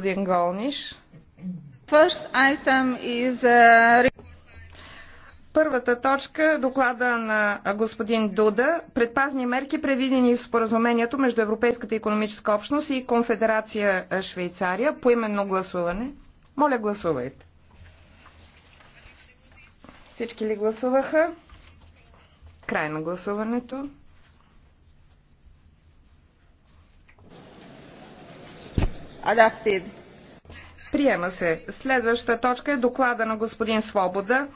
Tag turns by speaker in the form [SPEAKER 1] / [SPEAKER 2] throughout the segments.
[SPEAKER 1] господин Голниш. First item is uh, Първата точка доклада на господин Дуда предпазни мерки, предвидени в споразумението между Европейската економическа общност и Конфедерация Швейцария по именно гласуване. Моля, гласувайте. Всички ли гласуваха? Край на гласуването. Adapted. Приема се. Следваща точка е доклада на господин Свобода.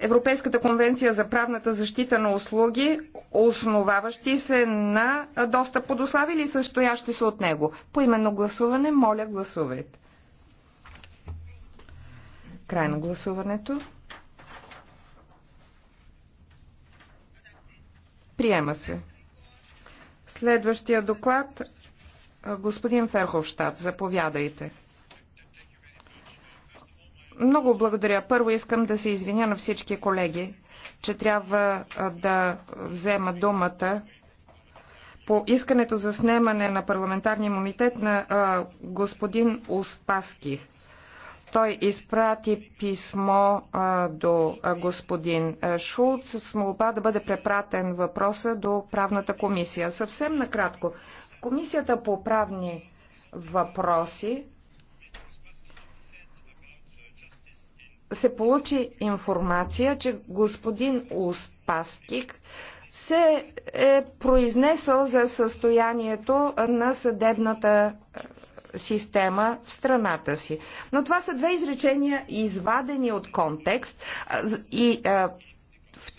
[SPEAKER 1] Европейската конвенция за правната защита на услуги, основаващи се на достъп под или състоящи се от него. По именно гласуване, моля гласувайте. Край на гласуването. Приема се. Следващия доклад Господин Ферховщад, заповядайте. Много благодаря. Първо искам да се извиня на всички колеги, че трябва да взема думата по искането за снемане на парламентарния имунитет на а, господин Успаски. Той изпрати писмо а, до а, господин Шулц с молба да бъде препратен въпроса до правната комисия. Съвсем накратко, Комисията по правни въпроси се получи информация, че господин Успаскик се е произнесъл за състоянието на съдебната е, система в страната си. Но това са две изречения, извадени от контекст и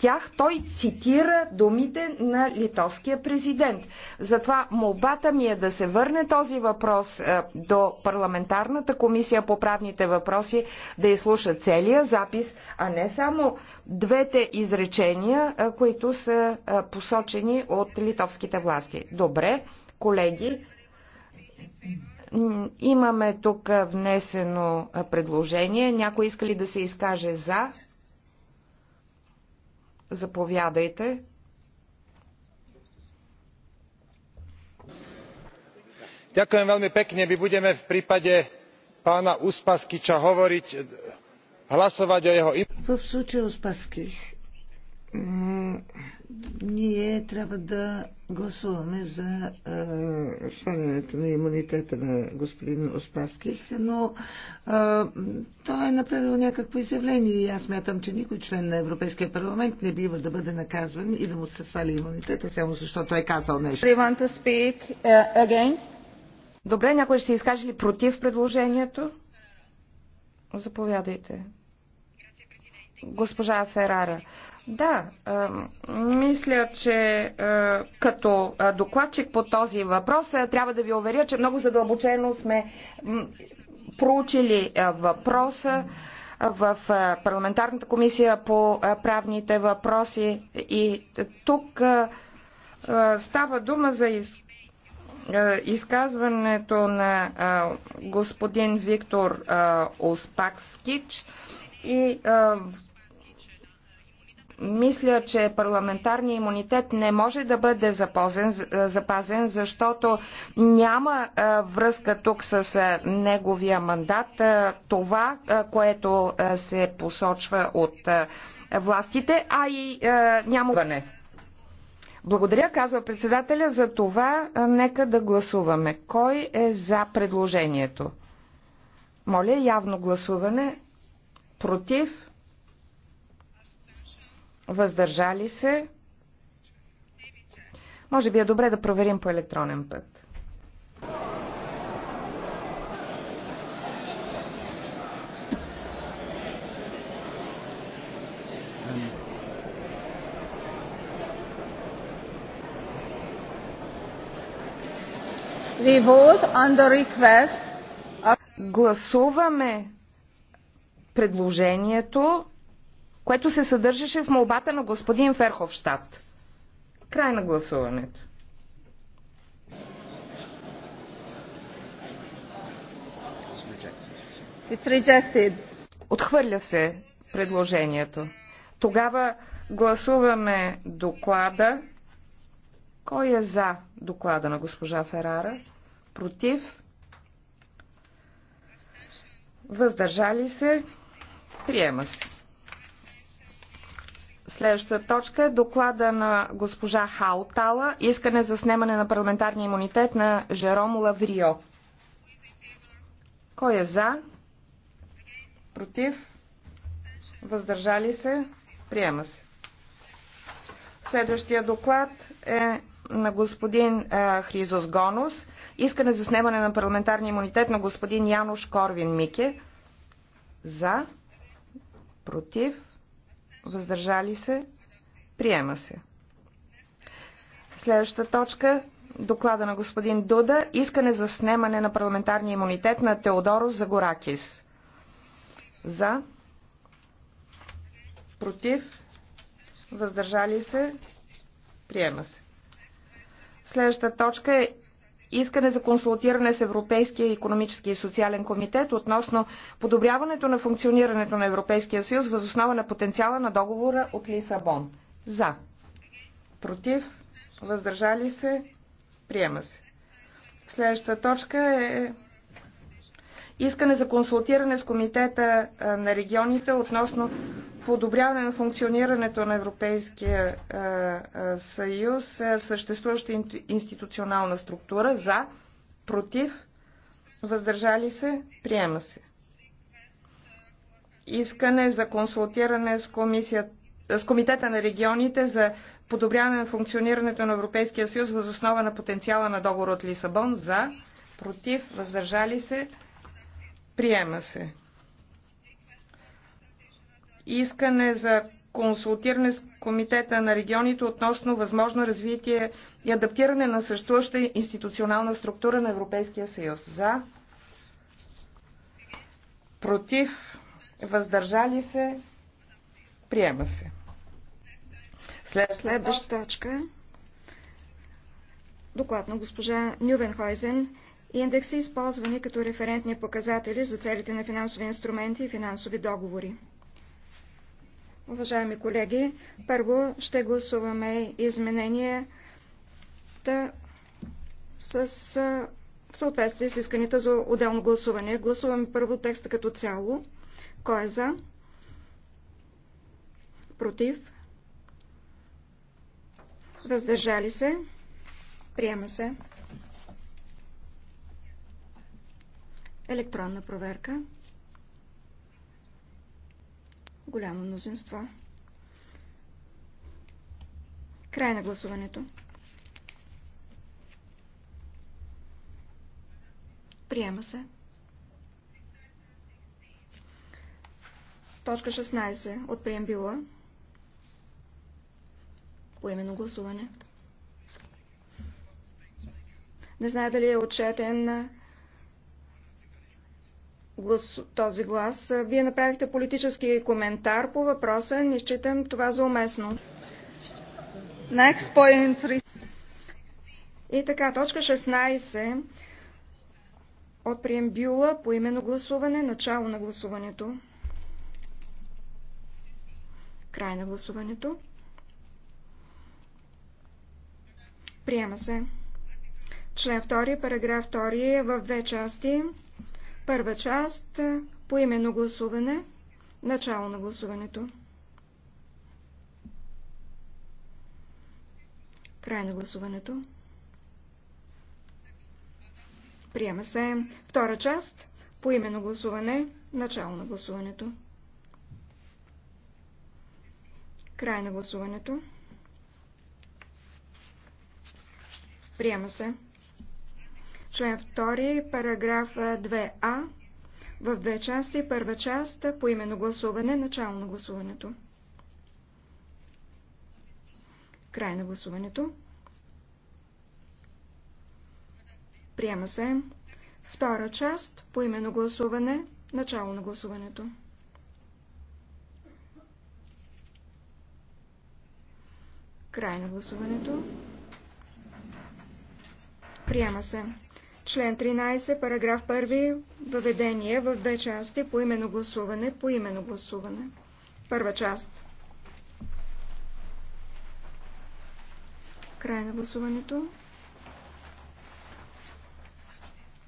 [SPEAKER 1] тях той цитира думите на литовския президент. Затова молбата ми е да се върне този въпрос е, до парламентарната комисия по правните въпроси, да изслуша целия запис, а не само двете изречения, е, които са е, посочени от литовските власти. Добре, колеги, имаме тук внесено предложение. Някой иска ли да се изкаже за? Заповядайте. Ďakujem veľmi pekne. My budeme v prípade pána Uspaskyča hovoriť, hlasovať o jeho... V случае
[SPEAKER 2] Успаских ние трябва да гласуваме за е, свалянето на имунитета на господин Оспаских, но е, той е направил някакво изявление и аз мятам, че никой член на Европейския парламент не бива да бъде наказван и да му се свали имунитета, само защото той е казал нещо.
[SPEAKER 1] Uh, Добре, някой ще се изкаже ли против предложението? Заповядайте госпожа Ферара. Да, мисля, че като докладчик по този въпрос трябва да ви уверя, че много задълбочено сме проучили въпроса в парламентарната комисия по правните въпроси и тук става дума за из... изказването на господин Виктор Успакскич, и а, мисля, че парламентарният имунитет не може да бъде запазен, запазен защото няма а, връзка тук с а, неговия мандат. А, това, а, което а, се посочва от а, властите, а и а, няма. Благодаря, казва председателя, за това а, нека да гласуваме. Кой е за предложението? Моля, явно гласуване против, въздържали се. Може би е добре да проверим по електронен път. We vote on the request. Гласуваме предложението, което се съдържаше в молбата на господин Ферховщад. Край на гласуването. Отхвърля се предложението. Тогава гласуваме доклада. Кой е за доклада на госпожа Ферара? Против? Въздържали се? Приема се. Следващата точка е доклада на госпожа Хаутала, искане за снемане на парламентарния имунитет на Жером Лаврио. Кой е за? Против? Въздържали се? Приема се. Следващия доклад е на господин е, Хризос Гонус. Искане за снемане на парламентарния имунитет на господин Януш Корвин Мике. За? против, въздържали се, приема се. Следваща точка доклада на господин Дуда искане за снемане на парламентарния имунитет на Теодоро Загоракис. За, против, въздържали се, приема се. Следващата точка е искане за консултиране с Европейския економически и социален комитет относно подобряването на функционирането на Европейския съюз възоснова на потенциала на договора от Лисабон. За. Против. Въздържали се. Приема се. Следващата точка е искане за консултиране с Комитета на регионите относно подобряване на функционирането на Европейския е, е, съюз е, съществуваща институционална структура за, против, въздържали се, приема се. Искане за консултиране с, комисия, с Комитета на регионите за подобряване на функционирането на Европейския съюз възоснова на потенциала на договор от Лисабон за, против, въздържали се, приема се искане за консултиране с Комитета на регионите относно възможно развитие и адаптиране на съществуваща институционална структура на Европейския съюз. За, против, въздържали се, приема се.
[SPEAKER 3] След... Следваща точка. Доклад на госпожа Нювенхойзен. Индекси използвани като референтни показатели за целите на финансови инструменти и финансови договори. Уважаеми колеги, първо ще гласуваме измененията с в съответствие с исканите за отделно гласуване. Гласуваме първо текста като цяло. Кой е за? Против? Въздържали се? Приема се. Електронна проверка голямо мнозинство. Край на гласуването. Приема се. Точка 16 от била. Поименно гласуване. Не знае дали е отчетен глас, този глас. Вие направихте политически коментар по въпроса. Не считам това за уместно. Next point. И така, точка 16 от преембюла по именно гласуване, начало на гласуването. Край на гласуването. Приема се. Член 2, параграф 2 е в две части. Първа част е, по именно гласуване. Начало на гласуването. Край на гласуването. Приема се втора част по именно гласуване. Начало на гласуването. Край на гласуването. Приема се. Член 2, параграф 2а, в две части. Първа част по именно гласуване, начало на гласуването. Край на гласуването. Приема се. Втора част по именно гласуване, начало на гласуването. Край на гласуването. Приема се. Член 13, параграф 1, въведение в две части, по именно гласуване, по именно гласуване. Първа част. Край на гласуването.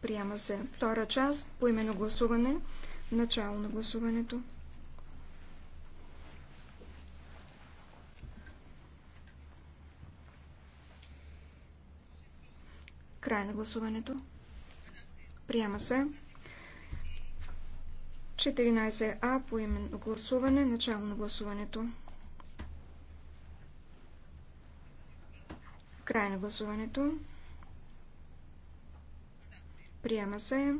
[SPEAKER 3] Приема се. Втора част, по именно гласуване, начало на гласуването. Край на гласуването. Приема се. 14А по именно гласуване. Начало на гласуването. Край на гласуването. Приема се.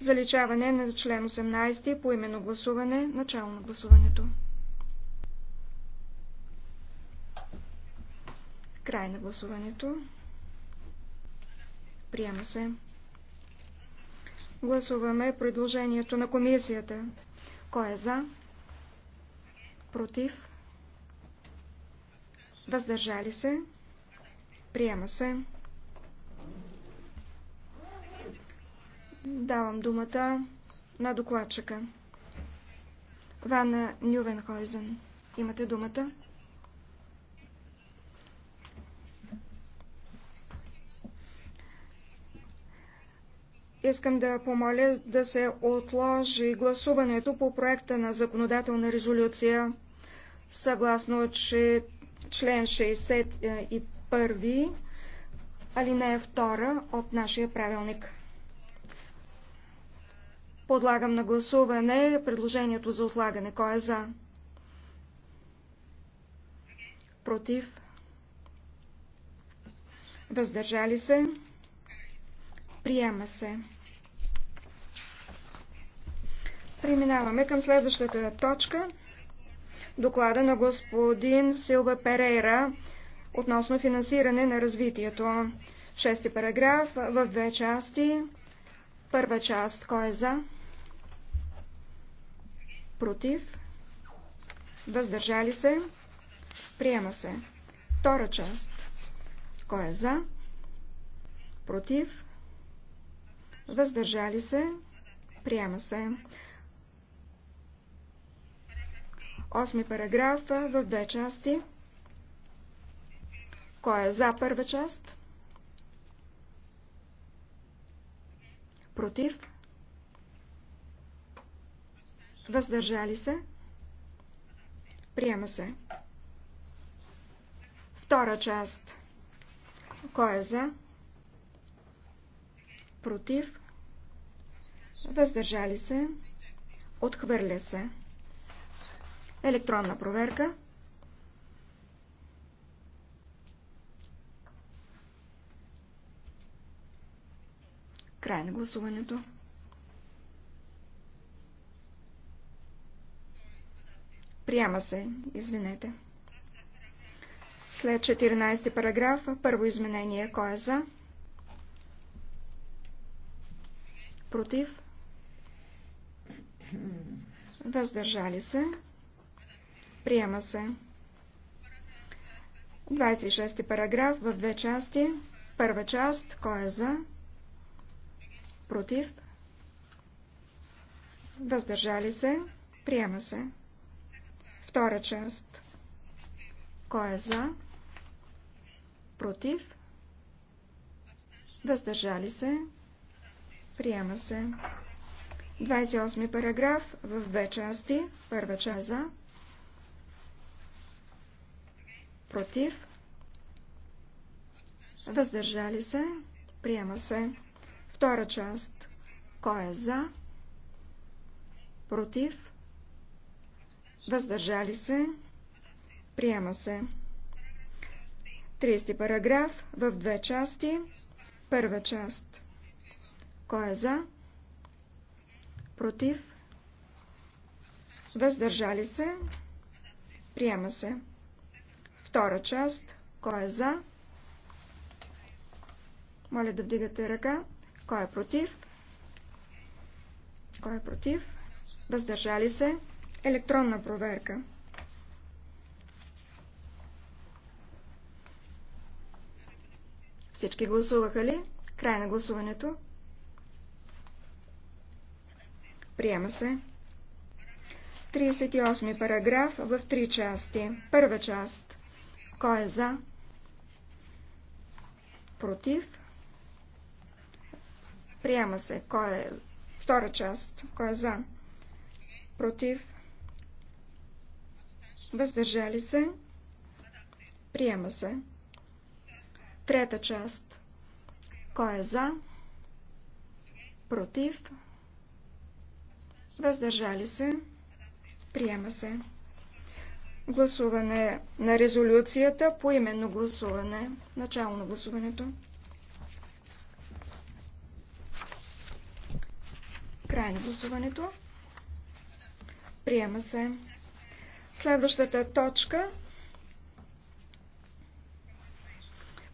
[SPEAKER 3] Заличаване на член 18 по именно гласуване. Начало на гласуването. Край на гласуването. Приема се. Гласуваме предложението на комисията. Кой е за? Против? Въздържали се? Приема се. Давам думата на докладчика. Вана Нювенхойзен. Имате думата. Искам да помоля да се отложи гласуването по проекта на законодателна резолюция, съгласно че член 61, алинея 2 от нашия правилник. Подлагам на гласуване предложението за отлагане. Кой е за? Против? Въздържали се? Приема се. Преминаваме към следващата точка. Доклада на господин Силва Перейра относно финансиране на развитието. Шести параграф в две части. Първа част. Кой е за? Против? Въздържали се? Приема се. Втора част. Кой е за? Против? Въздържали се? Приема се. Осми параграф в две части. Кой е за първа част? Против? Въздържали се? Приема се. Втора част. Кой е за? Против? Въздържали се? Отхвърля се. Електронна проверка. Край на гласуването. Приема се, извинете. След 14 параграф, първо изменение, кой е за? Против? Въздържали се. Приема се. 26 параграф в две части. Първа част. Кой е за? Против. Въздържали се. Приема се. Втора част. Кой е за? Против. Въздържали се. Приема се. 28 параграф в две части. Първа част за. против, въздържали се, приема се. Втора част, кой е за, против, въздържали се, приема се. 30 параграф в две части. Първа част. Кой е за? Против? Въздържали се? Приема се. Втора част. Кой е за? Моля да вдигате ръка. Кой е против? Кой е против? Въздържали се. Електронна проверка. Всички гласуваха ли? Край на гласуването. Приема се. 38 параграф в три части. Първа част. Кой е за? Против? Приема се. Кой е втора част? Кой е за? Против? Въздържали се? Приема се. Трета част. Кой е за? Против? Въздържали се? Приема се гласуване на резолюцията, по именно гласуване, начало на гласуването. Край на гласуването. Приема се. Следващата точка.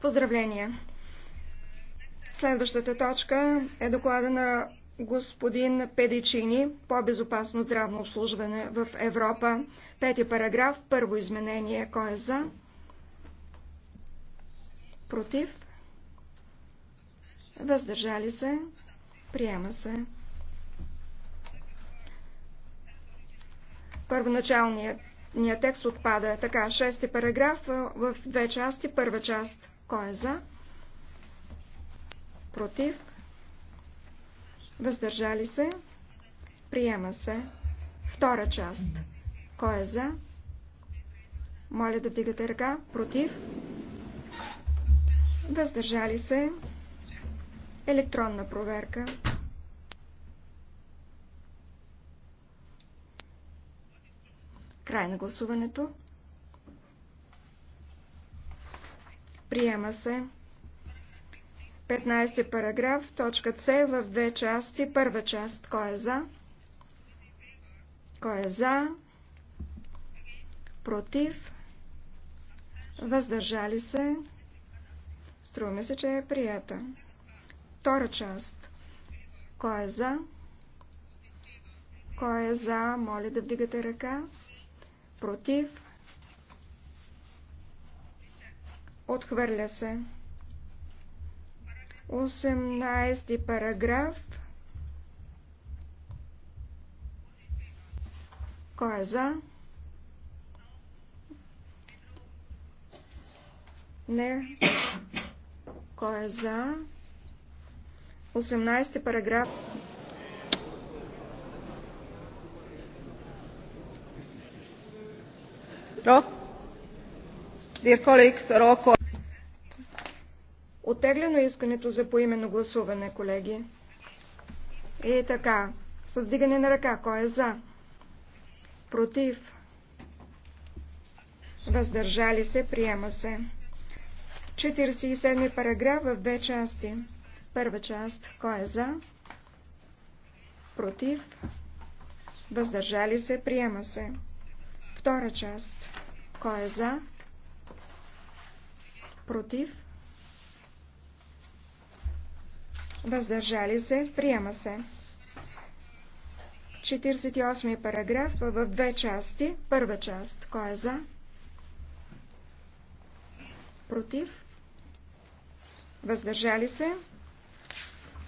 [SPEAKER 3] Поздравления. Следващата точка е доклада на господин Педичини, по-безопасно здравно обслужване в Европа. Пети параграф, първо изменение. Кой е за? Против? Въздържали се? Приема се. Първоначалният Ният текст отпада. Така, шести параграф в две части. Първа част. Кой е за? Против? Въздържали се. Приема се. Втора част. Кой е за? Моля да вдигате ръка. Против. Въздържали се. Електронна проверка. Край на гласуването. Приема се. 15 параграф, точка С в две части. Първа част. Кой е за? Кой е за? Против? Въздържали се? Струва ми се, че е прията. Втора част. Кой е за? Кой е за? Моля да вдигате ръка. Против? Отхвърля се. 18 ти параграф. Кой е за? Не. Кой е за? 18 ти параграф. Рок. Dear colleagues, roll call. Отеглено искането за поименно гласуване, колеги. И така, с вдигане на ръка, кой е за? Против? Въздържали се, приема се. 47 параграф в две части. Първа част, кой е за? Против? Въздържали се, приема се. Втора част, кой е за? Против? въздържали се, приема се. 48 параграф в две части. Първа част. Кой е за? Против? Въздържали се?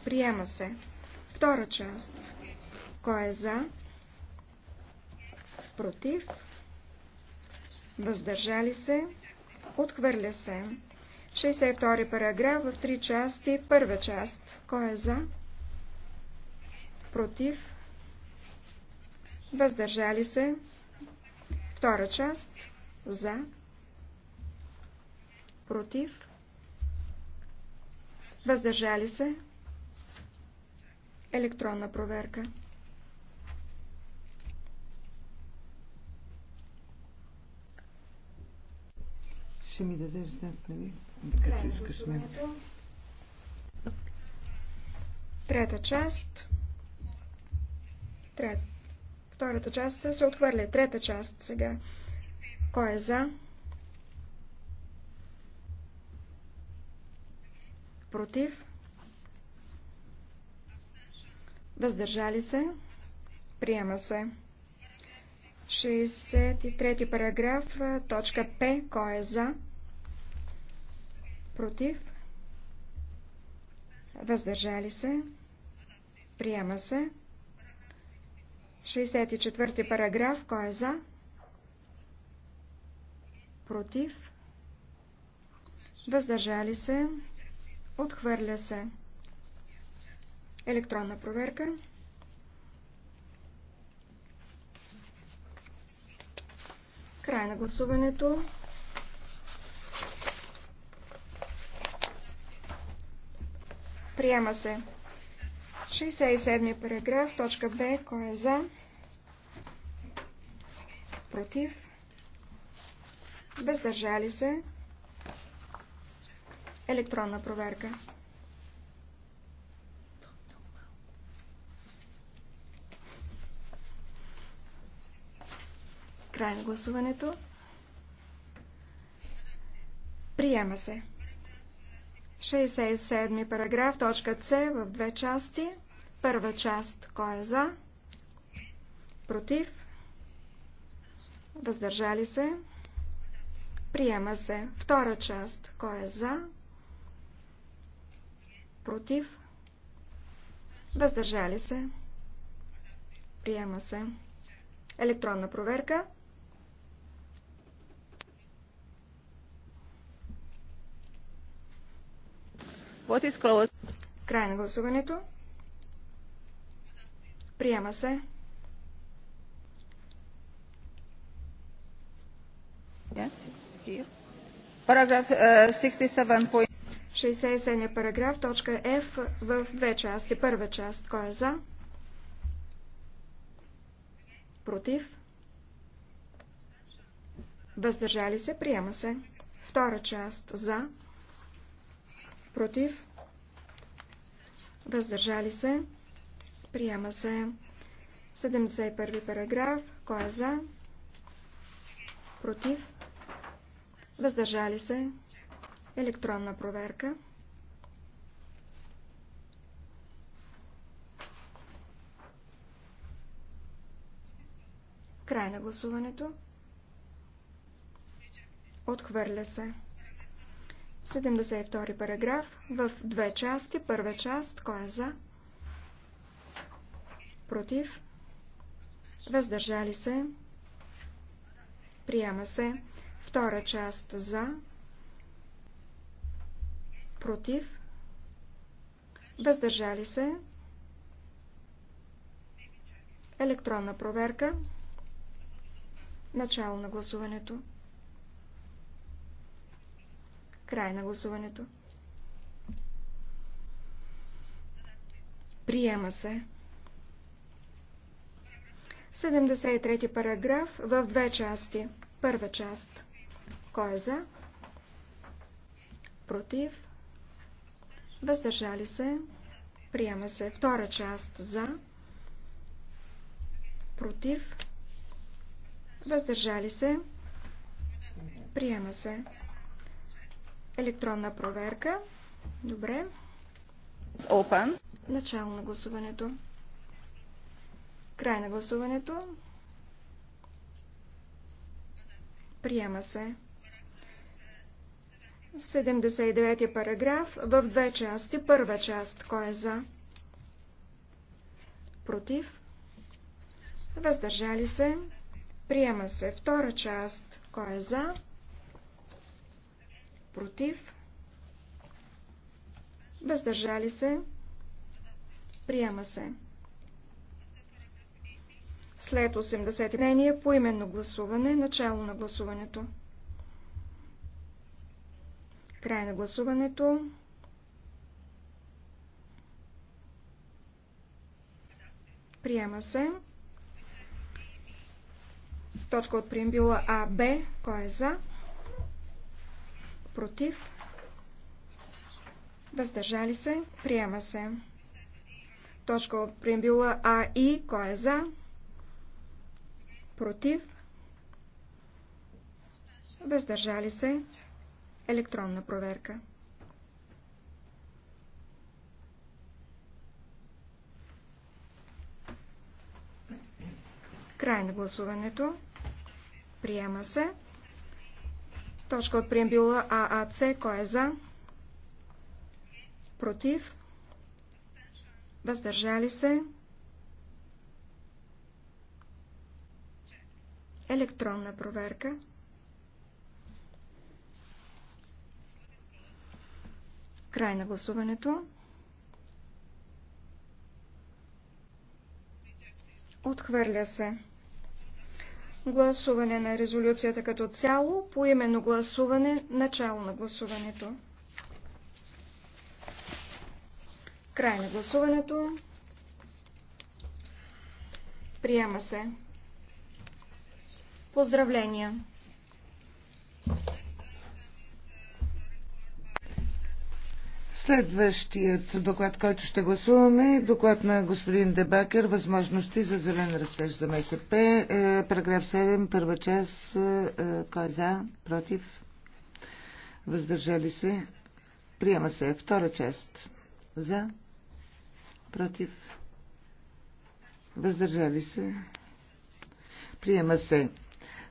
[SPEAKER 3] Приема се. Втора част. Кой е за? Против? Въздържали се? Отхвърля се. 62 параграф в три части. Първа част. Кой е за? Против? Въздържали се? Втора част. За? Против? Въздържали се? Електронна проверка.
[SPEAKER 2] Ще ми дадеш знак, нали? Като искаш
[SPEAKER 3] Трета част. Трет... Втората част се отхвърля. Трета част сега. Кой е за? Против? Въздържали се? Приема се. 63 параграф, точка П. Кой е за? против, въздържали се, приема се. 64 параграф, кой е за? Против, въздържали се, отхвърля се. Електронна проверка. Край на гласуването. Приема се. 67 параграф, точка Б, кой е за? Против? Бездържали се? Електронна проверка. Край на гласуването. Приема се. 67 параграф, точка С в две части. Първа част, кой е за? Против? Въздържали се? Приема се. Втора част, кой е за? Против? Въздържали се? Приема се. Електронна проверка. What is closed? Край на гласуването. Приема се. Yes. Параграф uh, 67. 67 параграф, точка F в две части. Първа част, кой е за? Против? Въздържали се, приема се. Втора част, за? против, въздържали се, приема се 71 параграф, кой е за, против, въздържали се, електронна проверка. Край на гласуването. Отхвърля се. 72 параграф в две части. Първа част, кой е за? Против? Въздържали се? Приема се. Втора част за? Против? Въздържали се? Електронна проверка. Начало на гласуването. Край на гласуването. Приема се. 73 параграф в две части. Първа част. Кой е за? Против? Въздържали се? Приема се. Втора част. За? Против? Въздържали се? Приема се. Електронна проверка. Добре. Open. Начало на гласуването. Край на гласуването. Приема се. 79 я параграф в две части. Първа част. Кой е за? Против? Въздържали се? Приема се. Втора част. Кой е за? против,
[SPEAKER 1] въздържали
[SPEAKER 3] се, приема се. След 80 мнение по именно гласуване, начало на гласуването. Край на гласуването. Приема се. Точка от приембила А, Б. Кой е за? против, въздържали се, приема се. Точка от преамбюла А и кой е за, против, въздържали се, електронна проверка. Край на гласуването. Приема се. Точка от преамбюла ААЦ. Кой е за? Против? Въздържали се? Електронна проверка. Край на гласуването. Отхвърля се гласуване на резолюцията като цяло, по именно гласуване, начало на гласуването. Край на гласуването. Приема се. Поздравления!
[SPEAKER 2] Следващият доклад, който ще гласуваме е доклад на господин Дебакер «Възможности за зелен растеж за МСП». Е, параграф 7, първа част. Е, е кой е за? Против? Въздържали се? Приема се. Втора част. За? Против? Въздържали се? Приема се.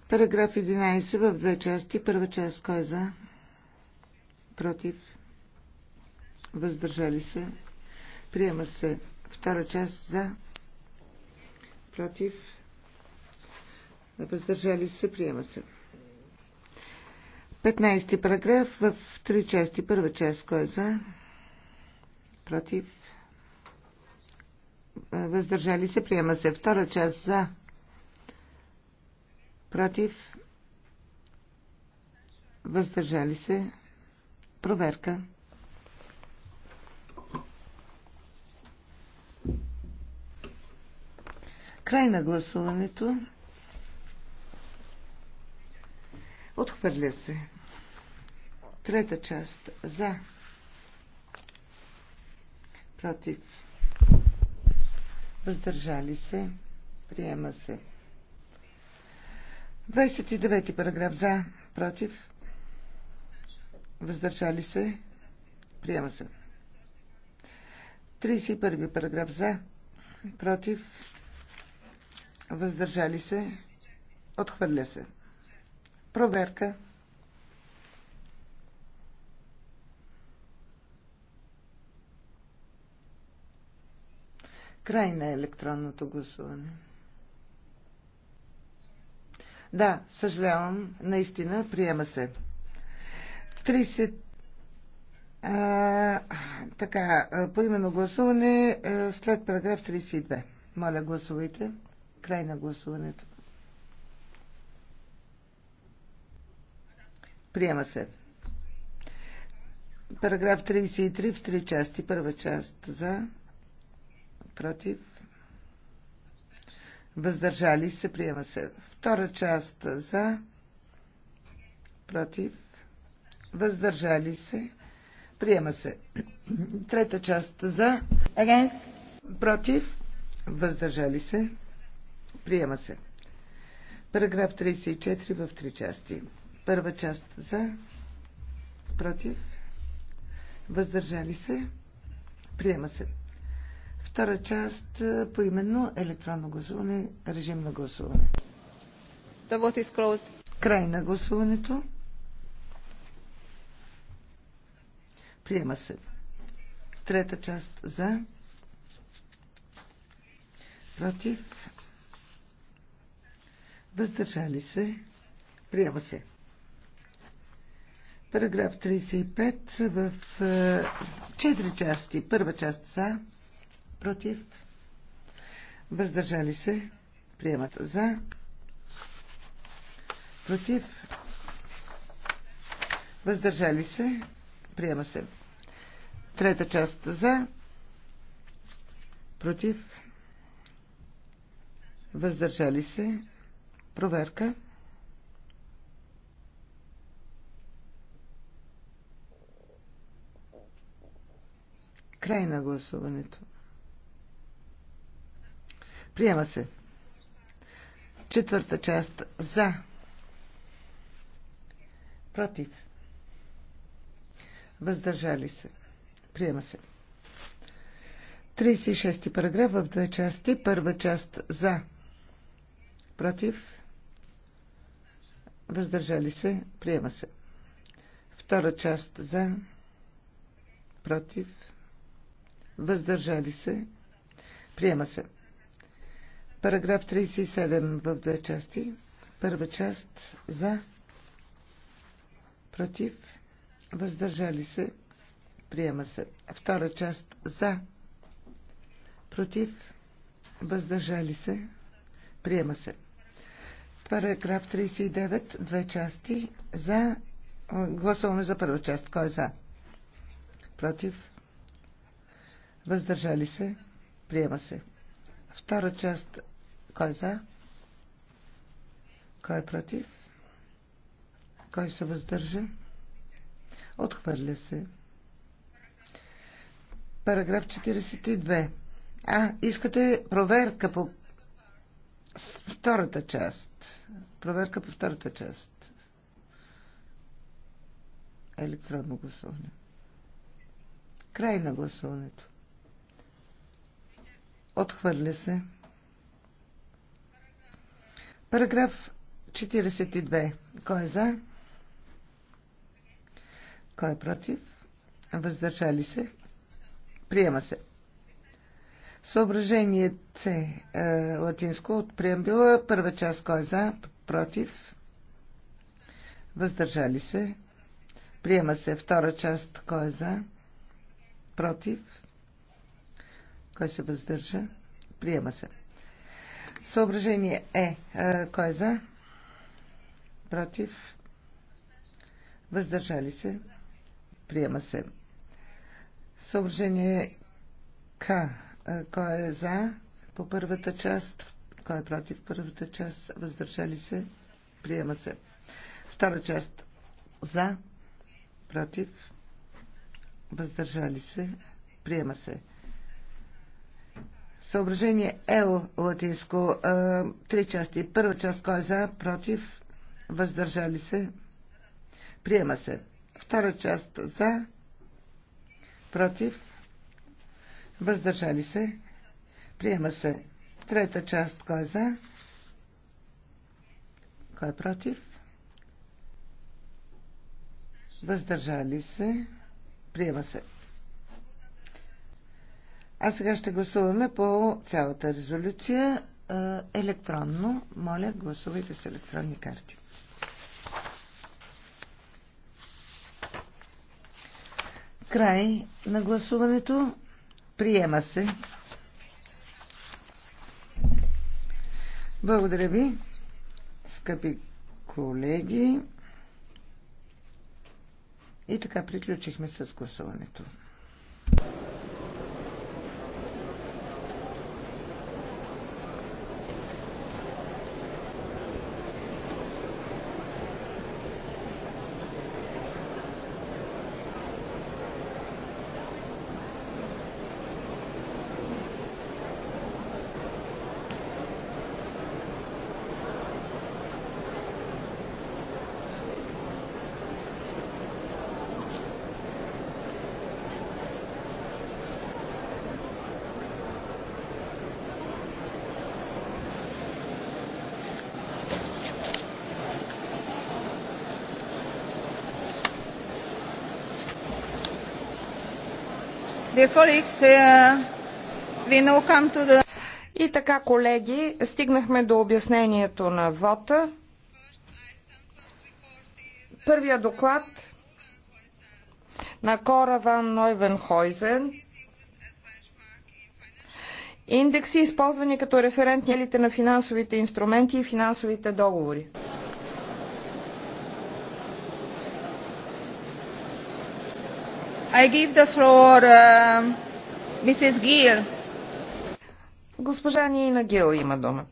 [SPEAKER 2] Параграф 11 в две части. Първа част кой е за? Против? въздържали се, приема се втора част за, против, въздържали се, приема се. 15 параграф в три части. Първа част, кой е за? Против. Въздържали се, приема се. Втора част за. Против. Въздържали се. Проверка. Край на гласуването. Отхвърля се. Трета част. За. Против. Въздържали се. Приема се. 29 параграф. За. Против. Въздържали се. Приема се. 31 параграф. За. Против. Въздържали се. Отхвърля се. Проверка. Край на електронното гласуване. Да, съжалявам, наистина приема се. 30. А, така, поименно гласуване след параграф 32. Моля, гласувайте. Край на гласуването. Приема се. Параграф 33 в три части. Първа част за, против, въздържали се, приема се. Втора част за, против, въздържали се, приема се. Трета част за, against, против, въздържали се, Приема се. Параграф 34 в три части. Първа част за, против, въздържали се, приема се. Втора част е, по именно електронно гласуване, режим на гласуване.
[SPEAKER 1] The vote is closed.
[SPEAKER 2] Край на гласуването. Приема се. Трета част за, против, Въздържали се. Приема се. Параграф 35 в е, четири части. Първа част за, против, въздържали се, приемат за, против, въздържали се, приема се. Трета част за, против, въздържали се, Проверка. Край на гласуването. Приема се. Четвърта част. За. Против. Въздържали се. Приема се. 36 параграф в две части. Първа част за. Против въздържали се, приема се. Втора част за, против, въздържали се, приема се. Параграф 37 в две части. Първа част за, против, въздържали се, приема се. Втора част за, против, въздържали се, приема се. Параграф 39, две части. За. Гласуваме за първа част. Кой е за? Против. Въздържали се. Приема се. Втора част. Кой е за? Кой е против? Кой се въздържа? Отхвърля се. Параграф 42. А, искате проверка по Втората част. Проверка по втората част. Електронно гласуване. Край на гласуването. Отхвърля се. Параграф 42. Кой е за? Кой е против? Въздържали се? Приема се. Съображение С, е, латинско от преамбила, първа част кой е за, против, въздържали се. Приема се втора част кой е за, против, кой се въздържа, приема се. Съображение Е, е кой е за, против, въздържали се, приема се. Съображение К кой е за по първата част? Кой е против първата част? Въздържали се? Приема се. Втора част. За? Против? Въздържали се? Приема се. Съображение Л латинско. Три части. Първа част. Кой е за? Против? Въздържали се? Приема се. Втора част. За? Против? въздържали се, приема се. Трета част, кой е за, кой е против, въздържали се, приема се. А сега ще гласуваме по цялата резолюция електронно. Моля, гласувайте с електронни карти. Край на гласуването. Приема се. Благодаря ви, скъпи колеги. И така приключихме с гласуването.
[SPEAKER 1] Uh, и така, колеги, стигнахме до обяснението на вота. Първия доклад на Кора Ван Нойвенхойзен. Индекси, използвани като референтни на финансовите инструменти и финансовите договори. Um, Госпожа Нина Гил има думата.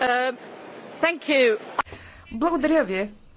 [SPEAKER 3] Uh, Благодаря
[SPEAKER 2] ви.